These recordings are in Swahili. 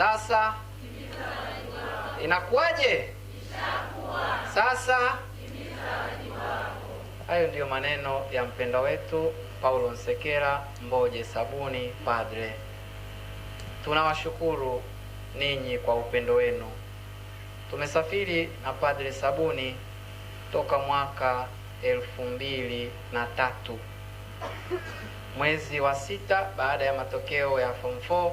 Sasa inakuwaje? Sasa hayo ndiyo maneno ya mpendwa wetu Paulo Nsekela Mboje Sabuni Padre. Tunawashukuru ninyi kwa upendo wenu. Tumesafiri na Padre Sabuni toka mwaka elfu mbili na tatu mwezi wa sita baada ya matokeo ya form 4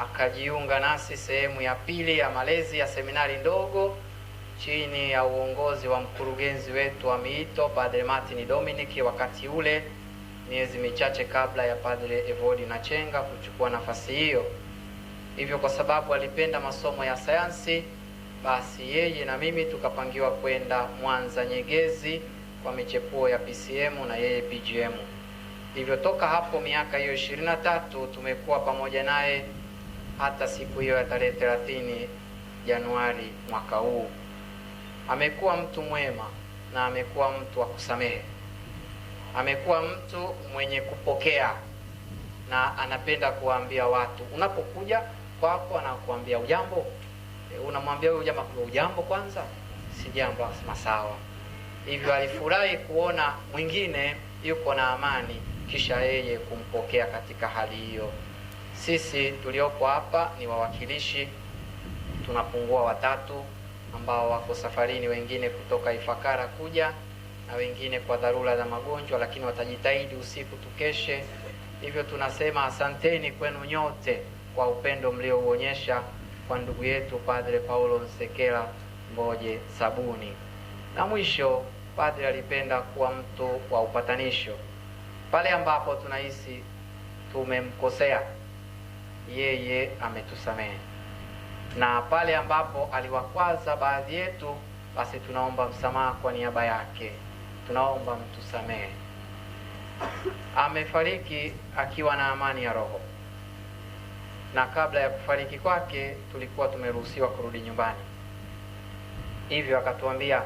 akajiunga nasi sehemu ya pili ya malezi ya seminari ndogo chini ya uongozi wa mkurugenzi wetu wa miito Padre Martin Dominic, wakati ule miezi michache kabla ya Padre Evodi Nachenga kuchukua nafasi hiyo. Hivyo kwa sababu alipenda masomo ya sayansi, basi yeye na mimi tukapangiwa kwenda Mwanza Nyegezi kwa michepuo ya PCM na yeye PGM. Hivyo toka hapo miaka hiyo 23 tumekuwa pamoja naye hata siku hiyo ya tarehe 30 Januari mwaka huu. Amekuwa mtu mwema na amekuwa mtu wa kusamehe, amekuwa mtu mwenye kupokea na anapenda kuwaambia watu, unapokuja kwako anakuambia ujambo, e, unamwambia wewe ujambo, ujambo kwanza, si jambo, asema sawa. Hivyo alifurahi kuona mwingine yuko na amani, kisha yeye kumpokea katika hali hiyo. Sisi tulioko hapa ni wawakilishi, tunapungua watatu ambao wako safarini, wengine kutoka Ifakara kuja na wengine kwa dharura za magonjwa, lakini watajitahidi usiku tukeshe. Hivyo tunasema asanteni kwenu nyote kwa upendo mliouonyesha kwa ndugu yetu Padre Paulo Nsekela Mboje Sabuni. Na mwisho, padre alipenda kuwa mtu wa upatanisho pale ambapo tunahisi tumemkosea yeye ametusamehe, na pale ambapo aliwakwaza baadhi yetu, basi tunaomba msamaha kwa niaba yake, tunaomba mtusamehe. Amefariki akiwa na amani ya roho, na kabla ya kufariki kwake tulikuwa tumeruhusiwa kurudi nyumbani, hivyo akatuambia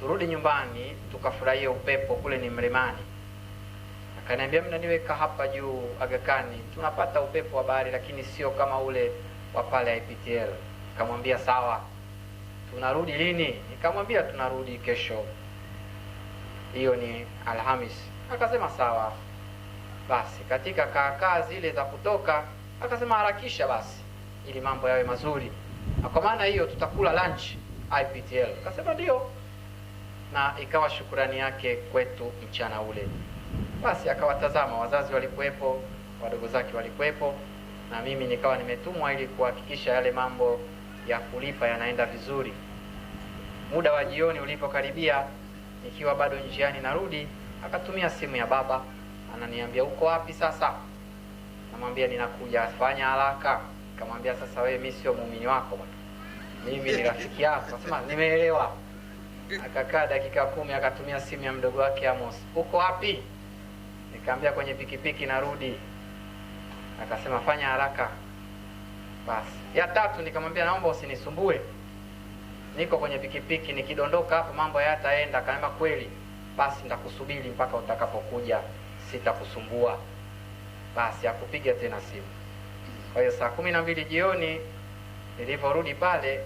turudi nyumbani tukafurahia upepo, kule ni mlimani mna mnaniweka hapa juu agakani tunapata upepo wa bahari lakini sio kama ule wa pale IPTL. kamwambia sawa, tunarudi lini? Nikamwambia tunarudi kesho, hiyo ni Alhamis. Akasema sawa. Basi katika kaakaa zile za kutoka, akasema harakisha basi ili mambo yawe mazuri, na kwa maana hiyo tutakula lunch IPTL. Akasema ndio, na ikawa shukurani yake kwetu mchana ule. Basi akawatazama, wazazi walikuwepo, wadogo zake walikuwepo, na mimi nikawa nimetumwa ili kuhakikisha yale mambo ya kulipa yanaenda vizuri. Muda wa jioni ulipokaribia, nikiwa bado njiani narudi, akatumia simu ya baba, ananiambia uko wapi sasa? Namwambia ninakuja, fanya haraka. kamwambia sasa, wewe mimi sio muumini wako bwana, mimi ni rafiki yako. Nasema nimeelewa. Akakaa dakika kumi, akatumia simu ya mdogo wake Amos, uko wapi? Nikaambia kwenye pikipiki narudi, akasema fanya haraka. Basi ya tatu nikamwambia naomba usinisumbue, niko kwenye pikipiki, nikidondoka hapo mambo hayataenda. kaema kweli, basi nitakusubiri mpaka utakapokuja, sitakusumbua. Basi akupiga tena simu. Kwa hiyo saa kumi na mbili jioni nilivyorudi pale